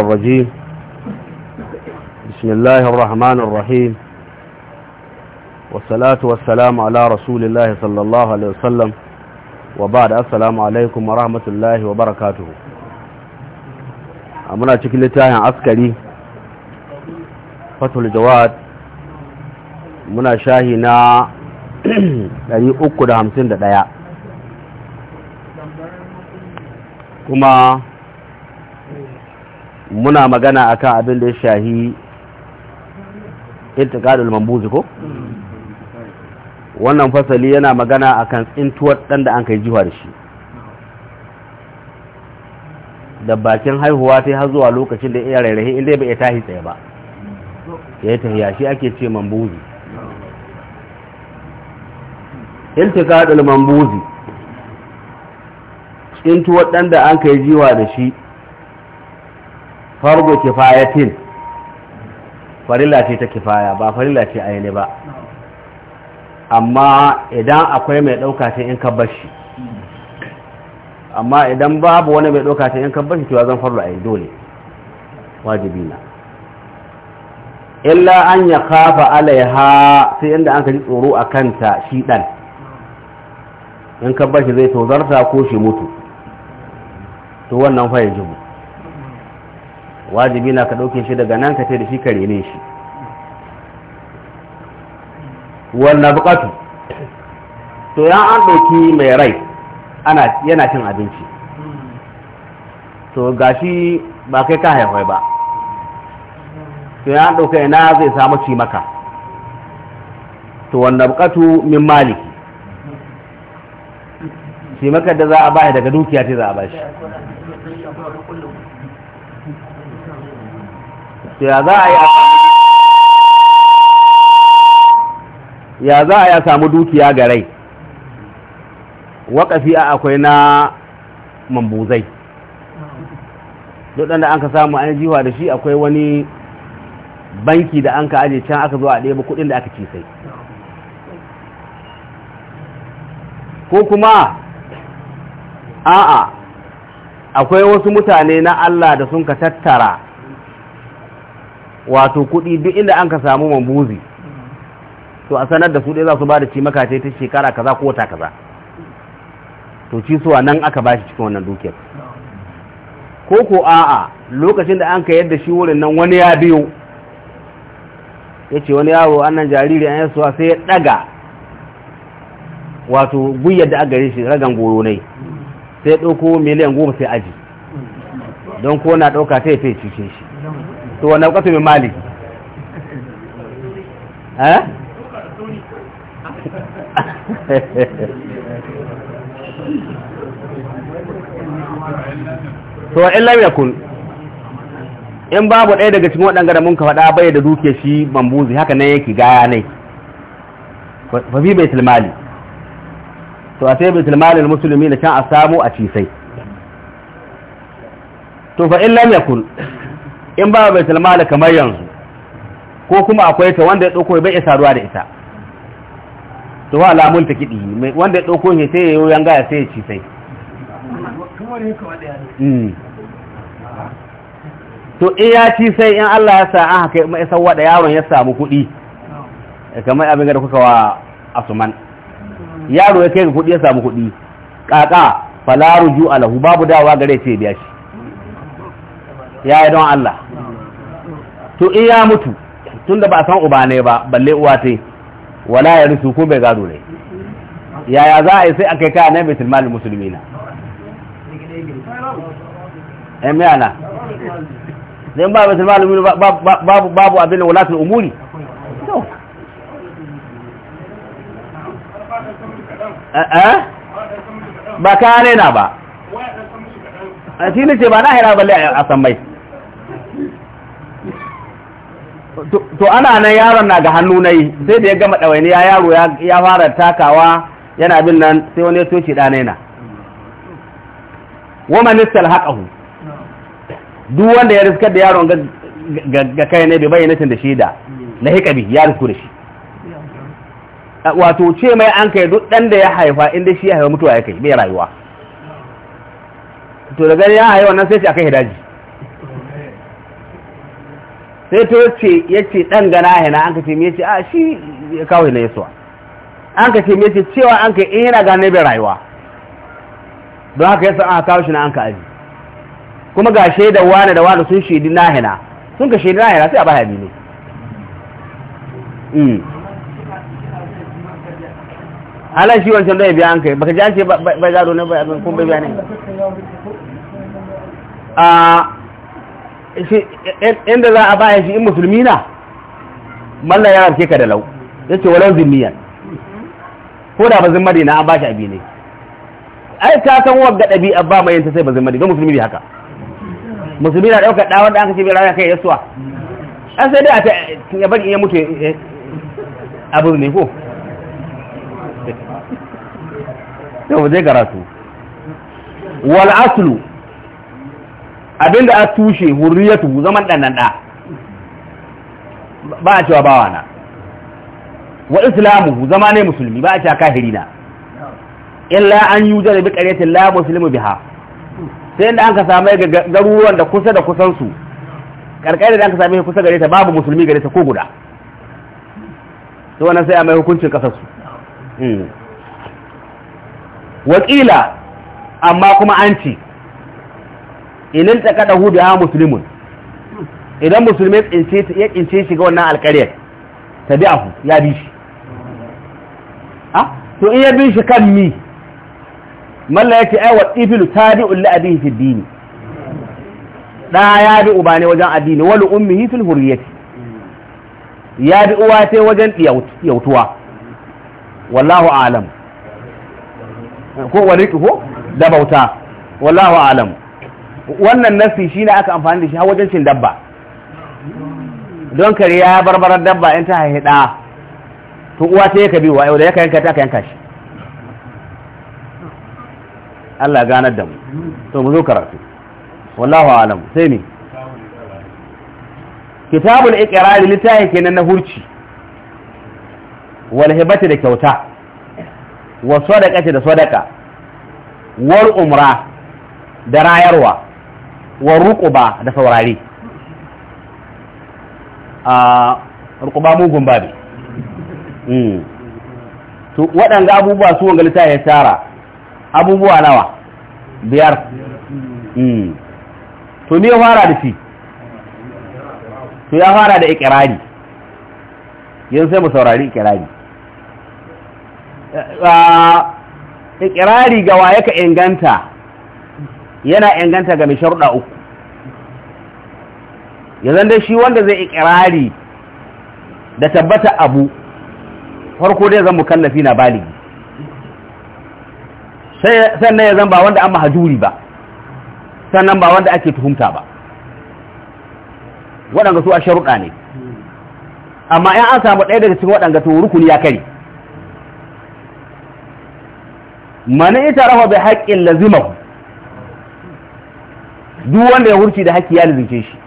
الرجيم بسم الله الرحمن الرحيم والصلاة والسلام على رسول الله صلى الله عليه وسلم وبعد السلام عليكم ورحمة الله وبركاته أمنا تكل تاهي عسكري فتح الجواد منا شاهنا لأني أكد همسين دقايا كما muna magana akan abin da ya shahi intikadul mambuzi ko wannan fasali yana magana akan tsintuwar dan da an kai jiwa da shi da bakin haihuwa ta har zuwa lokacin da iya rairahi inda bai tahi tsaye ba ya yi tahiya shi ake ce mambuzi intikadul mambuzi tsintuwar dan da an kai jiwa da shi fargo kifayatin farilla ce ta kifaya ba farilla ce aini ba amma idan akwai mai ɗauka ta in kabbashi amma idan babu wani mai ɗauka ta in kabbashi cewa zan farlo yi dole wajibi na illa an ya kafa alaiha sai inda an ka ji tsoro a kanta shi ɗan in kabbashi zai tozarta ko shi mutu to wannan fahimci mu wajibi na ka ɗauke shi daga nan ka ce da shi ka rene shi wannan buƙatu to ya an ɗauki mai rai yana cin abinci to gashi ba kai ka haifai ba to ya an ɗauka ina zai samu ci maka to wannan buƙatu min maliki ci maka da za a bayar daga dukiya ce za a bashi ya za a yi a samu ya samu dukiya ga rai waƙafi a akwai na mambuzai duk da an ka samu an jiwa da shi akwai wani banki da an ka aje can aka zo a ɗaya kuɗin da aka ci sai ko kuma a'a akwai wasu mutane na Allah da sun ka tattara wato kuɗi duk inda an ka samu mambuzi to a sanar da su ɗaya za su ba da ci maka ta shekara kaza ko wata kaza to ci suwa nan aka ba cikin wannan dukiyar ko ko a'a lokacin da an ka yadda shi wurin nan wani ya biyo ya ce wani yaro annan jariri an yasuwa sai ya ɗaga wato guyar da agare shi ragan goro ne sai ya ɗauko miliyan goma sai aji don ko na ɗauka ta ya fi cikin shi to wannan kwato mai mali to in lamya kun, in babu ɗaya daga cikin waɗanda da munka faɗa bai da duke shi bambuzi haka nan yake gaya ne Ba fi mai mali to a sai bai tilmali na musulmi na can a samu a cisai to fa in lam kun. in ba baitul mali kamar yanzu ko kuma akwai ta wanda ya dauko bai isa ruwa da ita to wa lamun ta kiɗi wanda ya ɗauko ne sai ya yi yanga ya sai ya ci sai mm. to in ya ci sai in Allah ya sa an haka mai sauwa da yaron ya samu kuɗi eh, kamar abin da kuka wa asuman yaro ya kai ga kuɗi ya samu kuɗi kaka falaru ju'alahu babu dawa gare ce biya shi ya yi don Allah to in ya mutu da ba a san uba ne ba balle uwa ta wala ya rusu ko bai gado ne yaya za a yi sai a kai kaya na mai tilmalin musulmi na ɗan yana. zai ba baitul ba babu babu abin walatul umuri eh, eh? ba kaya ne na ba a eh, cikin ce ba na hira balle a san mai to ana nan yaron na ga hannu yi, sai da ya gama ɗawaini ya yaro ya fara takawa yana bin nan sai wani ya toce ɗanai na wama nisal haƙahu duk wanda ya riskar da yaron ga kai ne bai bayyana da shi da na hikabi ya risku da shi wato ce mai an kai duk ɗan da ya haifa inda shi ya haifa mutuwa ya kai bai rayuwa to da gani ya haifa wannan sai ce akai hidaji sai to yace yace dan gana hina an ce me yace a shi kawai na yaso an ce me yace cewa an kai in yana gane bai rayuwa don haka yasa aka kawo shi na an ka aji kuma ga shaida wani da wani sun shaidi na hina sun ka shaidi na hina sai a baya ne mm ala shi wancan da ya biya an kai baka ji an ce bai zaro ne ba kun bai biya ne a inda za a baya shi in musulmi na mallan ya rarke ka da lau ya ce walau zimmiyar ko da ba zimmadi na an ba shi abi ne ai ka san ɗabi ɗabi'a ba mayanta sai ba zimmadi don musulmi ne haka musulmi na ɗaukar ɗawar da aka ce bai ya kai yasuwa an sai dai a ta ya bari ya mutu eh, abu ne ko yau zai karatu wal aslu Abin da a tushe hurriyatu zaman dan nan da ba a cewa bawa na wa islamu zama ne musulmi ba a cewa kahiri na illa an yujada bi qaryatin la muslimu biha sai inda an ka samu garuruwan da kusa da kusansu karkare da an ka same kusa gare ta babu musulmi gare ta ko guda to wannan sai a mai hukuncin kasarsu hmm. wakila amma kuma an ce inin ta kada hudu ya musulmin idan musulmi ya tsince shi wannan alƙaryar ta bi ahu ya bi shi ah, to in ya bi shi kan mi malla ya ce aiwa ifilu ta bi ulli abihi fi dini da ya bi uba ne wajen addini wani ummihi fil hurriyati ya bi uwa sai wajen yautuwa wallahu alam ko wani ko da bauta wallahu alam wannan nasi shi ne aka amfani da shi har wajen cin dabba don kare ya barbarar dabba in ta haihida to uwa ta yaka biwa yau da ya yanka ta ka yanka shi Allah ganar da mu to mu zo karatu wallahu alam sai ne kitabul iqrar littafi kenan na hurci wal hibati da kyauta wa sadaqati da sadaqa wal umra da rayarwa wa ruquba da saurare a ruquba mugun babi hmm. to waɗanda abubuwa su wanga lita ya tara abubuwa nawa biyar hmm. to ne fara da shi to ya fara da ikirari yanzu sai mu saurari ikirari ikirari ga waye ka inganta yana inganta ga sharuɗa uku yanzu dai shi wanda zai ikirari da tabbata abu farko dai zan mukallafi na baligi sannan ya zan ba wanda an mahajuri ba sannan ba wanda ake tuhumta ba waɗanda su a sharuɗa ne amma in an samu ɗaya daga cikin waɗanda su rukuni ya kari mani ita rawa bai haƙƙin lazimahu duk wanda ya wurce da haƙƙi ya lalace shi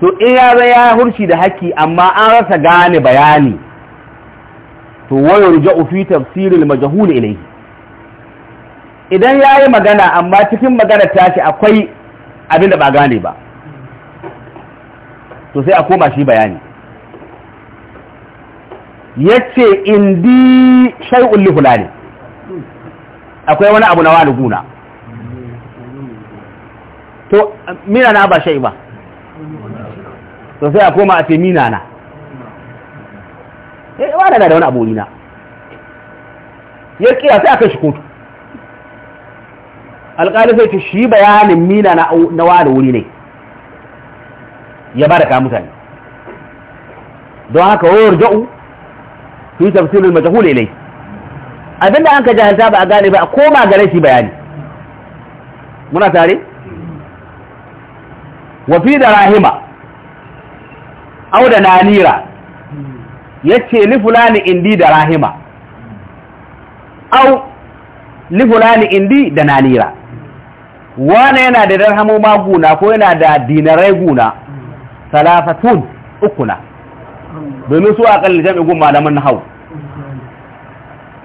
to in ya zai ya wurce da haƙƙi amma an rasa gane bayani to wayar ja'u ufi tafsirin majahul ilai idan ya yi magana amma cikin magana ta shi akwai abin da ba gane ba to sai a koma shi bayani ya ce indi shai'un lihula ne akwai wani abu na wani guna to mina na ba shai ba to sai a koma a ce mina na eh ba da wani abu na ya kira sai aka shi kotu alƙali sai ce shi bayanin mina na wa da wuri ne ya ba da ka mutane don haka wawar ja'u fi tafsirin majahul ilai abinda an ka jahilta ba a gane ba a koma gare shi bayani muna tare wafi da rahima au da nanira ya ce lifulani indi da rahima au lifulani indi da nanira wane yana da darhamoma guna ko yana da dinarai guna salafatun ukuna domin su a kalli jami'in malaman hau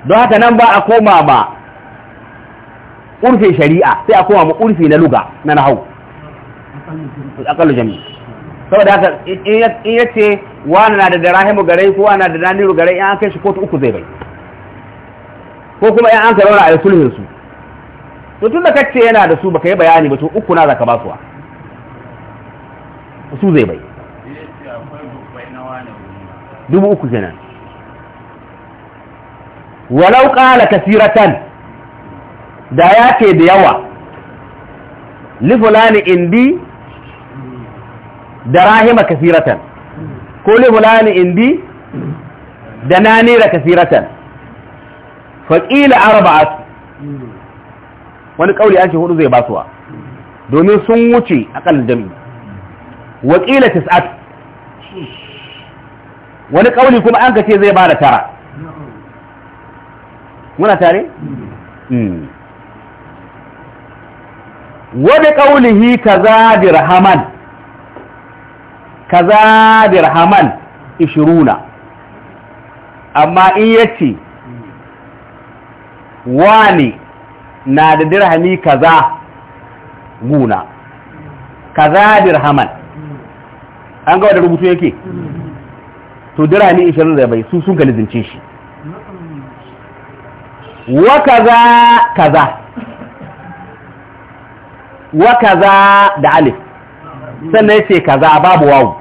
don haka nan ba a koma ba ƙurfe shari'a sai a koma ma ƙurfe na luga na hau akalu jami saboda haka in yace wani na da darahimu gare ko wani da daniru gare in an kai shi kotu uku zai bai ko kuma in an karo raura a sulhin su to tun da kace yana da su baka yi bayani ba to uku na zaka ba su su zai bai dubu uku kenan walau qala kasiratan da ya da yawa li fulani indi da rahima kasiratan ko li fulani indi da nanira kasiratan faƙila arba'at wani kauli an ce hudu zai basuwa domin sun wuce akal jami waƙila tis'at wani kauli kuma an ka ce zai bada tara muna tare hmm. wani kaulihi kaza dirhaman kaza dirhaman ishiruna amma in yace wani na da dirhami kaza guna kaza dirhaman an gawa da rubutu yake to dirhami ishirin da bai su sun galizince shi wa kaza kaza wa kaza da alif sannan ya ce kaza babu wawu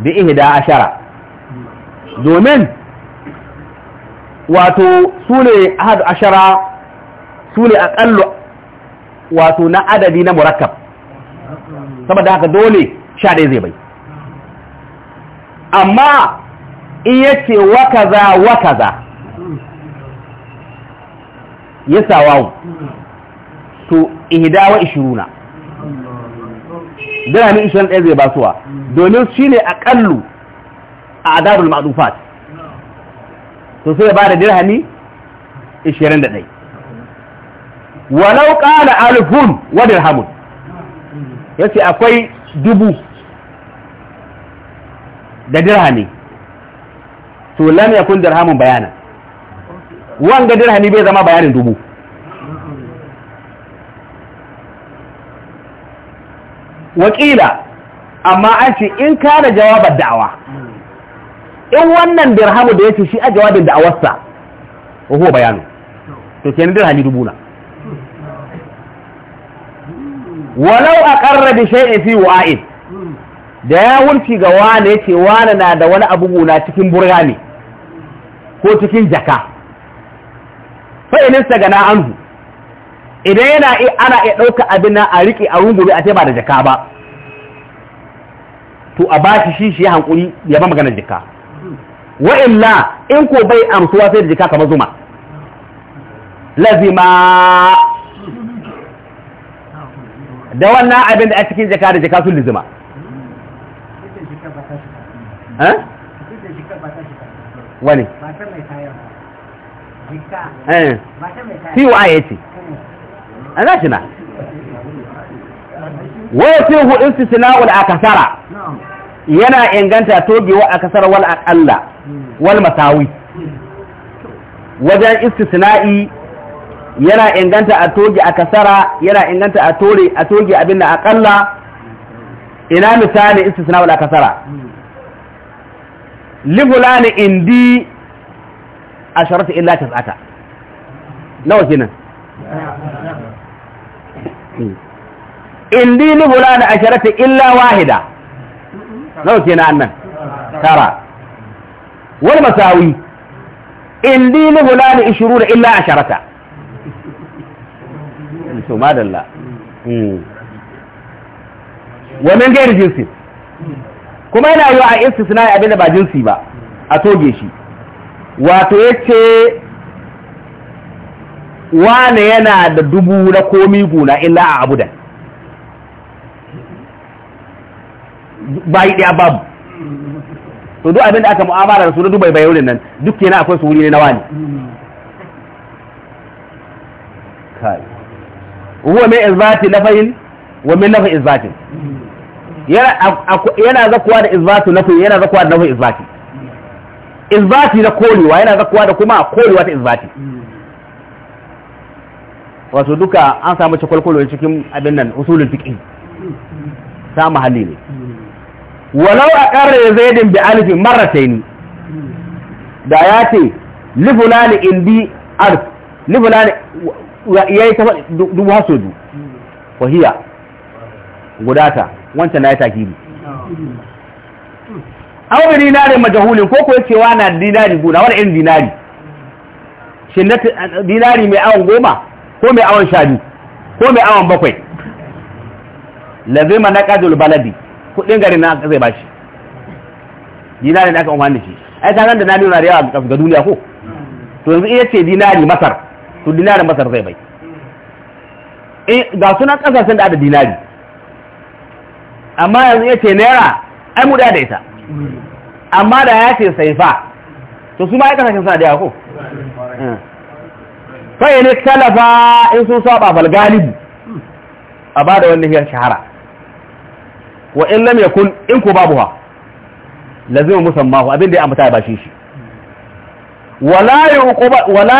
bi ihda ashara domin wato su ne ahad ashara su ne aƙallu wato na adadi na murakkab saboda haka dole sha ɗaya zai bai amma in yace wakaza wakaza ya sawawu to ihda wa ishiruna dirhami 21 zai basuwa domin shi ne aƙallu a adabul ma'adufat to sai ba da dirhami 21 walau ƙala alifun wa dirhamun ya ce akwai dubu da dirhami to lam yakun dirhamun bayanan wanga dirhami bai zama bayanin dubu wakila amma an ce in kana jawabar da'awa in wannan dirhamu da ya ce shi a jawabin da'awarsa ko bayanu to kenan dirhami dubu na walau aqarra bi shay'in fi wa'id da ya wurci ga wane ya ce na da wani guna cikin burgani ko cikin jaka fa'inista gana anhu idan yana ana iya ɗauka abin a riƙe a rungume a ba da jaka ba to a ba shi shi ya hankuri ya ba maganar jaka wa illa in ko bai amsuwa sai da jaka kamar zuma lazima da wannan abin da a cikin jaka da jaka sun lizima eh? wani? mata mai kayan eh. mai kayan ya ce a za shi na waya fi hu a akasara yana inganta togewa akasara wal aqalla wal masawi wajen istisna'i yana inganta a toge a akasara yana inganta a tore a toge abin da aqalla ina misali istisna'ul akasara li fulani indi ta illa ta tas'ata nawa kenan indi ni bulana ashirata illa wahida nau na annan tara wal masawi indi ni bulana 20 illa asharata to madalla hmm. wa min gairi jinsi kuma yana yi a istisna abinda ba jinsi ba a toge shi wato yace wane yana da dubu na komi guna illa a abu da bayi ɗaya babu to duk abin da aka mu'amala da su na dubai bai wurin nan duk kenan akwai su wuri ne na wani kai huwa mai izbati fahim, wa min nafi izbati? yana zakuwa da izbati na yana zakuwa da nafi izbati izbati na kolewa yana zakuwa da kuma kolewa ta izbati wato duka an samu cikwalkwalo cikin abin nan usulun fiƙi ta mahalli ne walau a ƙarar din bi alifin marataini da ya ce bi indi lifula lifulani ya yi tafa dubu haso du wahiya gudata wancan na ya takiri an wani dinari majahulin ko kuwa cewa na dinari guda wani irin dinari shi dinari mai awon goma ko mai awon shani ko mai awon bakwai lazima na kadul baladi kudin gari na zai bashi dinari da aka umarni shi ai ta nan da nani na da yawa ga duniya ko to yanzu iya ce dinari masar to dinari masar zai bai eh, ga sunan kasashen da ada dinari amma yanzu iya ce naira ai mu da ita amma da ya ce saifa to su ma ai kasashen suna da yawa ko sai ne talafa in sun saba bal galibu a bada wannan hiyar shahara wa in lam yakun in ku babu ha lazim musammahu abin da ya amta ya bashi shi wala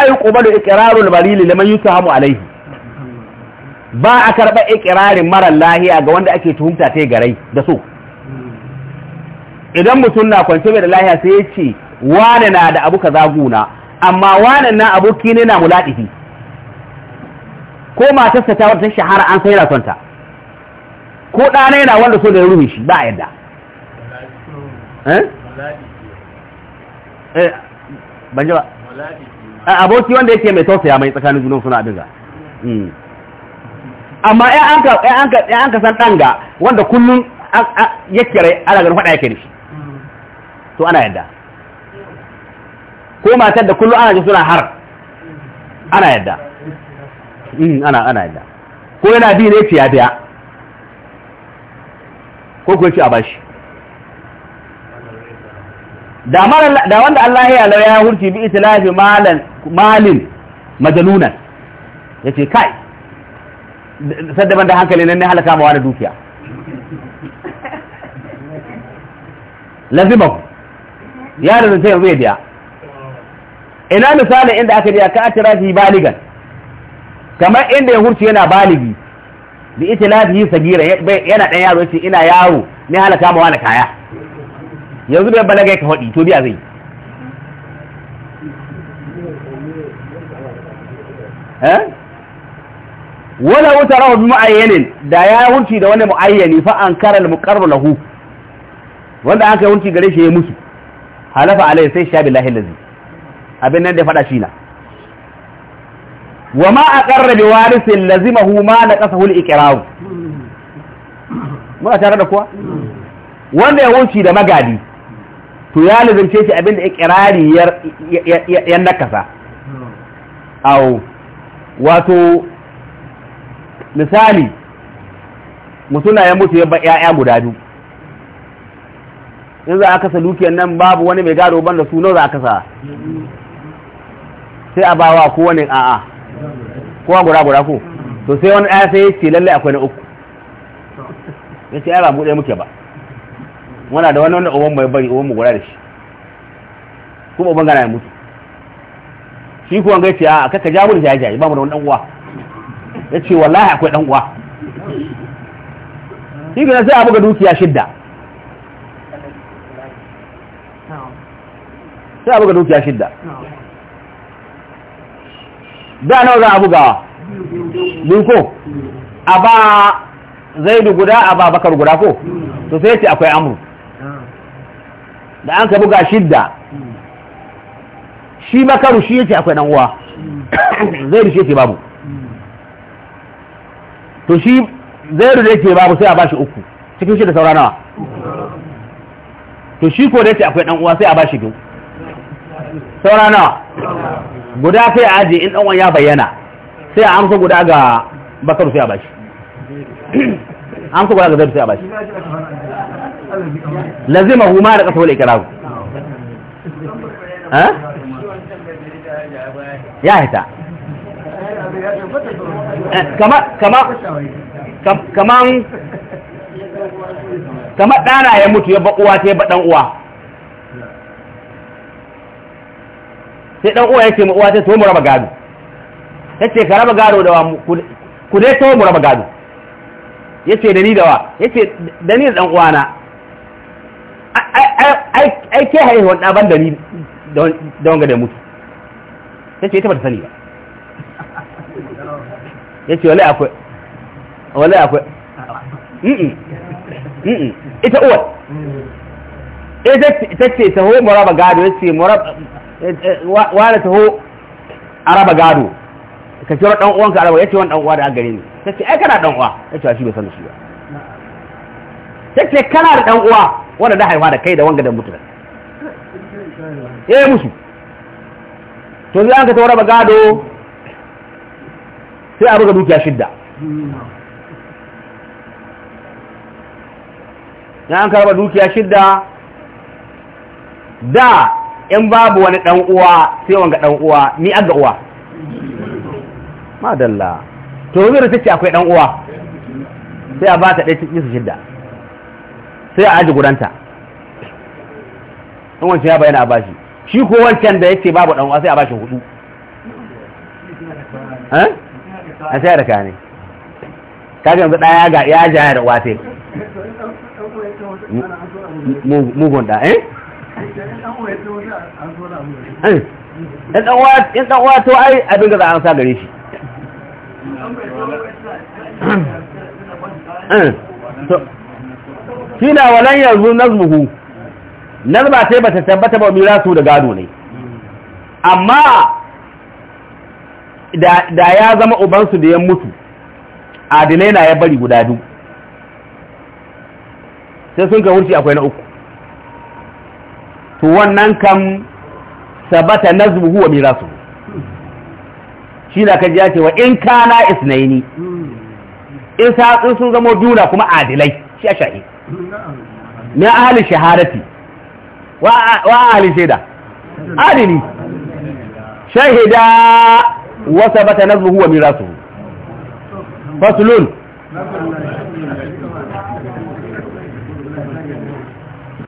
yuqbalu iqrarul balil liman yusahamu alaihi ba a karba iqrarin mara lahiya ga wanda ake tuhumta ta garai da so idan mutum na kwance mai da lahiya sai ya ce wane na da abu kaza guna amma wannan na aboki ne na muladihi ko matarsa ta wata shahara an sai son ko ɗana yana wanda so da ruhin shi ba a yadda eh, eh ban ji ba aboki wanda yake mai tausaya mai tsakanin junan suna abin ga hmm. amma ya an ka san ɗanga wanda kullum yake rai ana faɗa yake da shi hmm. to ana yadda ko matar da kullum ana ji suna har ana yadda mm, ana ana yadda ko yana bi ne fiya biya ko kuwa ci a bashi da wanda Allah ya lau ya hurci bi itilafi malin majalunan ya ce kai saddaban da hankali nan ne halaka mawa wani dukiya lazimahu ya da zai biya ina misalin inda aka biya ka shi baligan kamar inda ya hurci yana baligi bi yi sagira yana dan yaro ce ina yaro ne halaka ma wani kaya yanzu bai balaga ka hodi to biya zai eh? wala wuta rahu bi mu'ayyanin da ya hurci da wani mu'ayyani fa an kara al muqarrab lahu wanda aka hurci gare shi ya musu halafa alai sai sha billahi lazim abin nan da faɗa shi na wa ma a ƙarra bi warisin lazimahu ma na ƙasa hul ikirawu muna tare da kuwa wanda ya wuce da magadi to ya lazimce shi abin da ikirari ya nakasa au wato misali mutuna ya mutu ya ya 'ya'ya guda biyu in za a kasa dukiyar nan babu wani mai gado ban da su nawa za a kasa sai a bawa ko wani a'a kowa guda guda ko to sai wani ɗaya sai ce lallai akwai na uku ya ce ai ba mu ɗaya muke ba wana da wani wanda uban mai bari uban mu guda da shi kuma uban gana ya mutu shi kuwa ga ce a kaka ja mu da jajaye ba mu da wani ɗan uwa ya ce wallahi akwai ɗan uwa shi gina sai a buga dukiya shidda sai a buga dukiya shidda da nawa za a bugawa linko a ba zaidu guda a ba bakar guda ko to sai ce akwai amur da an ka buga shidda shi bakaru shi yace akwai dan uwa zaidu shi yake babu to shi zaidu da yake babu sai a bashi uku cikin shi da saura nawa to shi ko da yake akwai dan uwa sai a bashi biyu saura nawa guda sai a aji in ɗanwan ya bayyana sai a amsa guda ga bakar sai a bashi amsa guda ga zai sai a bashi lazima huma da ƙasar ikiraru ya hita kama kama kama kama ɗana ya mutu ya baƙuwa sai ya baɗan uwa sai dan uwa yake uwa ta to mu raba gado yace ka raba gado da wa ku dai to mu raba gado yace da ni da wa yace da ni da dan uwa na ai ai ke haihuwa da ban da ni da wanga da mutu yace ita ba ta sani ba yace wallahi akwai wallahi akwai mm mm ita uwa ita eh ce ta ho mu raba gado yace mu raba wani taho araba gado ka kira dan uwanka araba yace wani dan uwa da aka gare ni kace ai kana dan uwa yace shi bai san shi ba kace kana da dan uwa wanda da haifa da kai da wanga da mutu eh musu to zai an ka tauraba gado sai a buga dukiya shidda Ya an karba dukiya shidda da in babu wani ɗan uwa sai wanga ɗan uwa ni ga uwa madalla to rubiru ce akwai ɗan uwa sai a ta dai cikin su shidda sai a aji guranta in wancan ya bayyana a ba shi ko wancan da ce babu ɗan uwa sai a shi hudu eh? a sai da kane kaji yanzu ɗaya ga ya jaya da uwa sai mugun da eh in eh, ɗan wato ai abin da za sa gare shi eh, shi na walan yanzu nazmuhu nazma sai ba ta tabbata ba mira su da gado ne amma da ya zama ubansu da ya mutu adinai na ya bari guda biyu sai sun ka akwai na uku to wannan kan sabata nazmuhu huwa mirasu shi da kaji ya ce wa in kana isnaini in sa sun zama juna kuma adilai shi a sha'i na ahli shahadati wa ahli shaida adili shahida wa sabata nazmuhu huwa mirasu fasulun